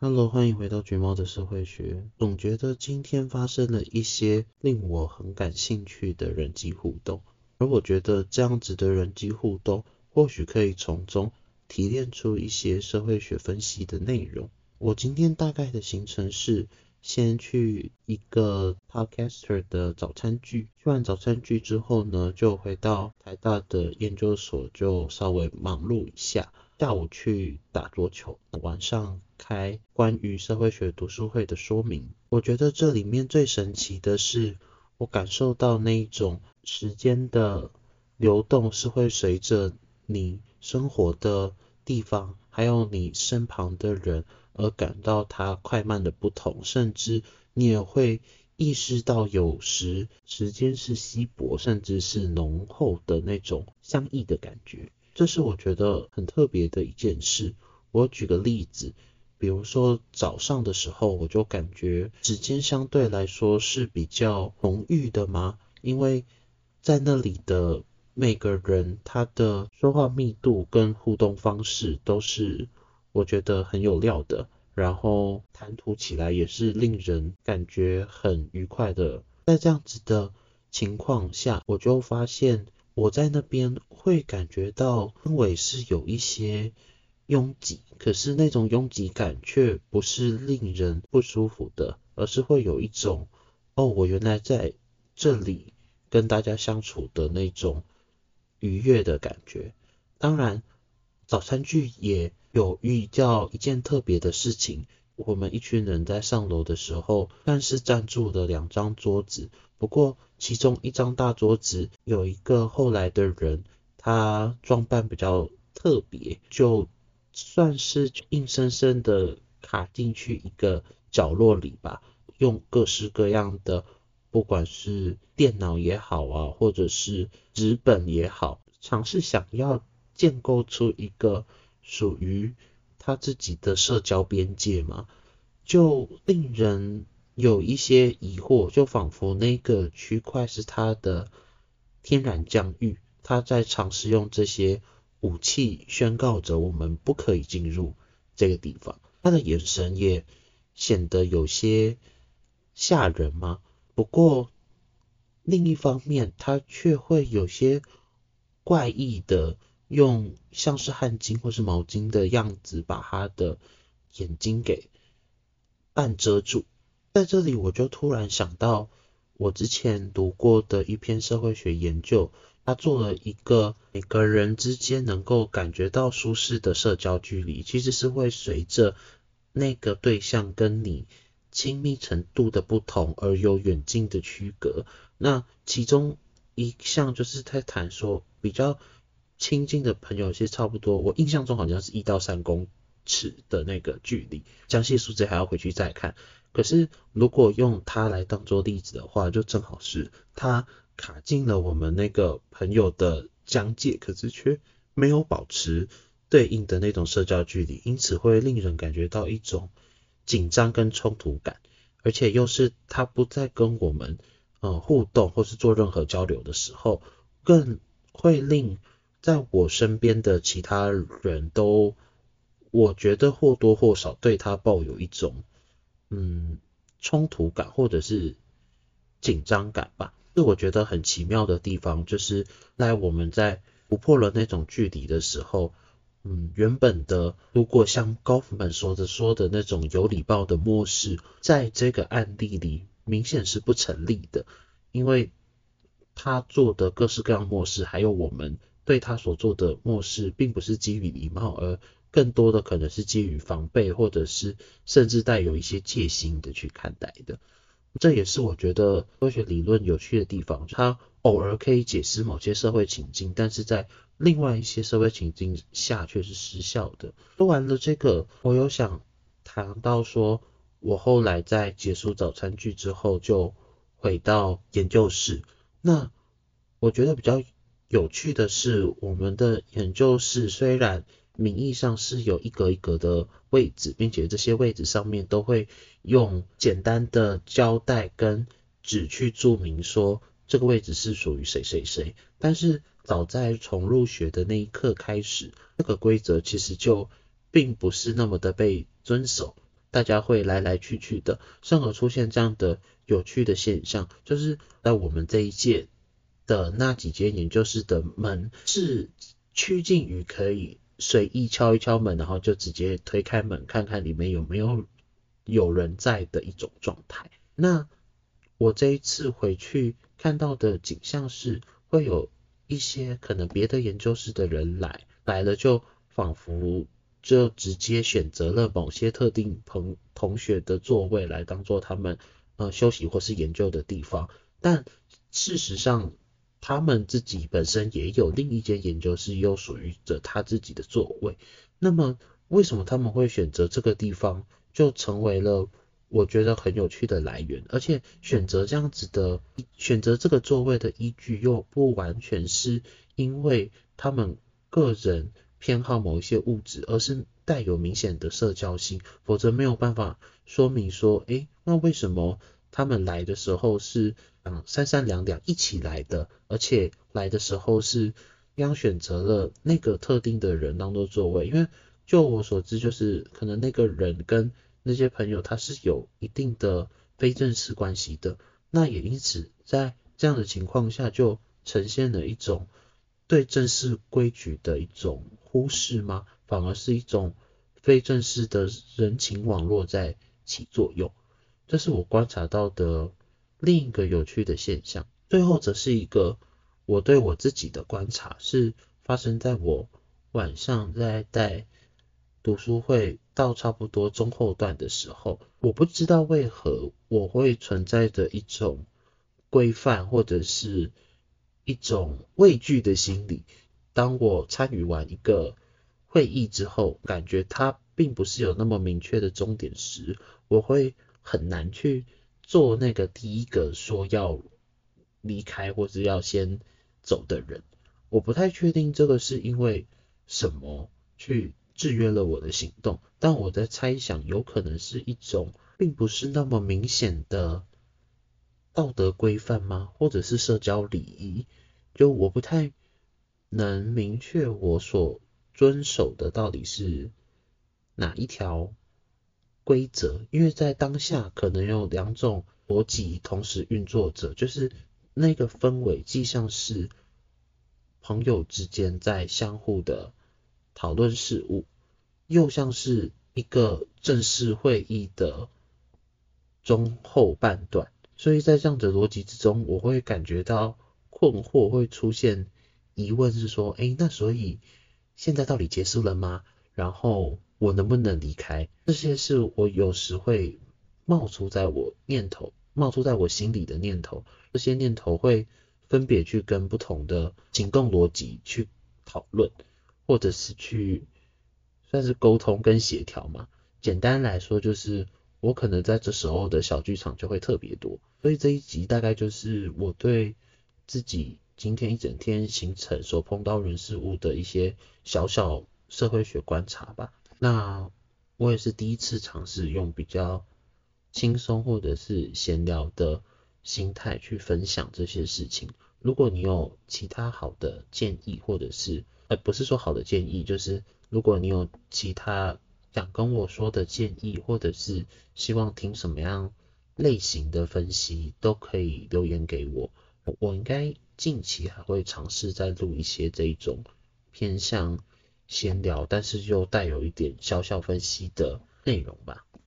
Hello，歡迎回到橘貓的社會學。總覺得今天發生了一些令我很感興趣的人際互動，而我覺得這樣子的人際互動，或許可以從中提煉出一些社會學分析的內容。我今天大概的行程是，先去一個 Podcaster 的早餐聚，去完早餐聚之後呢，就回到台大的研究所就稍微忙碌一下，下午去打桌球，晚上。開關於社會學讀書會的說明，我覺得這裡面最神奇的是，我感受到那一種時間的流動是會隨着你生活的地方，還有你身旁的人而感到它快慢的不同，甚至你也會意識到有時時間是稀薄，甚至是濃厚的那種相異的感覺，這是我覺得很特別的一件事。我舉個例子。比如說早上的時候，我就感覺時間相對來說是比較充裕的嘛，因為在那裡的每個人他的說話密度跟互動方式都是我覺得很有料的，然後談吐起來也是令人感覺很愉快的。在這樣子的情況下，我就發現我在那邊會感覺到氛圍是有一些。擁擠，可是那種擁擠感卻不是令人不舒服的，而是會有一種哦，我原來在這裡跟大家相處的那種愉悅的感覺。當然，早餐劇也有遇到一件特別的事情，我們一群人在上樓的時候，但是佔住了兩張桌子，不過其中一張大桌子有一個後來的人，他裝扮比較特別，就。算是硬生生的卡進去一個角落裡吧，用各式各樣的，不管是電腦也好啊，或者是紙本也好，嘗試想要建構出一個屬於他自己的社交邊界嘛，就令人有一些疑惑，就仿佛那個區塊是他的天然疆域，他在嘗試用這些。武器宣告着我們不可以進入這個地方。他的眼神也顯得有些嚇人嗎？不過另一方面，他卻會有些怪異的用像是汗巾或是毛巾的樣子，把他的眼睛給半遮住。在這裡，我就突然想到我之前讀過的一篇社會學研究。他做了一個每個人之間能夠感覺到舒適的社交距離，其實是會隨着那個對象跟你親密程度的不同而有遠近的區隔。那其中一項就是他談說，比較親近的朋友有些差不多，我印象中好像是一到三公尺的那個距離，詳細數字還要回去再看。可是如果用它來當做例子的話，就正好是它，卡進了我們那個朋友的疆界，可是卻沒有保持對應的那種社交距離，因此會令人感覺到一種緊張跟衝突感。而且又是他不再跟我們，呃，互動或是做任何交流的時候，更會令在我身邊的其他人都，我覺得或多或少對他抱有一種，嗯，衝突感或者是緊張感吧。是我覺得很奇妙的地方，就是在我們在突破了那種距離的時候，嗯，原本的如果像高夫曼說着說的那種有禮貌的漠視，在這個案例裡明顯是不成立的，因為他做的各式各樣漠視，還有我們對他所做的漠視，並不是基於禮貌，而更多的可能是基於防備，或者是甚至帶有一些戒心的去看待的。這也是我覺得科學理論有趣的地方，它偶爾可以解釋某些社會情境，但是在另外一些社會情境下卻是失效的。說完了這個，我有想談到說，我後來在結束早餐聚之後就回到研究室。那我覺得比較有趣的是，我們的研究室雖然。名義上是有一格一格的位置，並且這些位置上面都會用簡單的膠帶跟紙去注明說這個位置是屬於誰誰誰。但是早在從入學的那一刻開始，這、那個規則其實就並不是那麼的被遵守，大家會來來去去的，甚至出現這樣的有趣的現象，就是在我們這一屆的那幾間研究室的門是趨近於可以。隨意敲一敲門，然後就直接推開門，看看裡面有沒有有人在的一種狀態。那我這一次回去看到的景象是，會有一些可能別的研究室的人來，來了就仿佛就直接選擇了某些特定同同學的座位來當做他們呃休息或是研究的地方，但事實上，他們自己本身也有另一間研究室，又屬於着他自己的座位。那麼，為什麼他們會選擇這個地方，就成為了我覺得很有趣的來源。而且，選擇這樣子的，選擇這個座位的依據又不完全是因為他們個人偏好某一些物質，而是帶有明顯的社交性。否則沒有辦法說明說，誒、欸，那為什麼？他們來的時候是嗯，三三兩兩一起來的，而且來的時候是央選擇了那個特定的人當做座位，因為就我所知，就是可能那個人跟那些朋友他是有一定的非正式關係的，那也因此在這樣的情況下，就呈現了一種對正式規矩的一種忽視嗎？反而是一種非正式的人情網絡在起作用。這是我觀察到的另一個有趣的現象。最後，則是一個我對我自己的觀察，是發生在我晚上在帶讀書會到差不多中後段的時候。我不知道為何我會存在着一種規範，或者是一種畏懼的心理。當我參與完一個會議之後，感覺它並不是有那麼明確的終點時，我會。很難去做那個第一個說要離開或者要先走的人。我不太確定這個是因為什麼去制約了我的行動，但我在猜想有可能是一種並不是那麼明顯的道德規範嗎？或者是社交禮儀。就我不太能明確我所遵守的到底是哪一條規則，因為在當下可能有兩種邏輯同時運作着，就是那個氛圍既像是朋友之間在相互的討論事物，又像是一個正式會議的中後半段。所以在這樣的邏輯之中，我會感覺到困惑，會出現疑問，是說，誒、欸，那所以現在到底結束了嗎？然後，我能不能離開？這些是我有時會冒出在我念頭、冒出在我心裡的念頭。這些念頭會分別去跟不同的行動邏輯去討論，或者是去算是溝通跟協調嘛。簡單來說，就是我可能在這時候的小劇場就會特別多。所以這一集大概就是我對自己今天一整天行程所碰到人事物的一些小小社會學觀察吧。那我也是第一次嘗試用比較輕鬆或者是閒聊的心態去分享這些事情。如果你有其他好的建議，或者是，呃，不是說好的建議，就是如果你有其他想跟我說的建議，或者是希望聽什麼樣類型的分析，都可以留言給我。我應該近期還會嘗試再錄一些這一種偏向閒聊，但是又帶有一點小小分析的內容吧。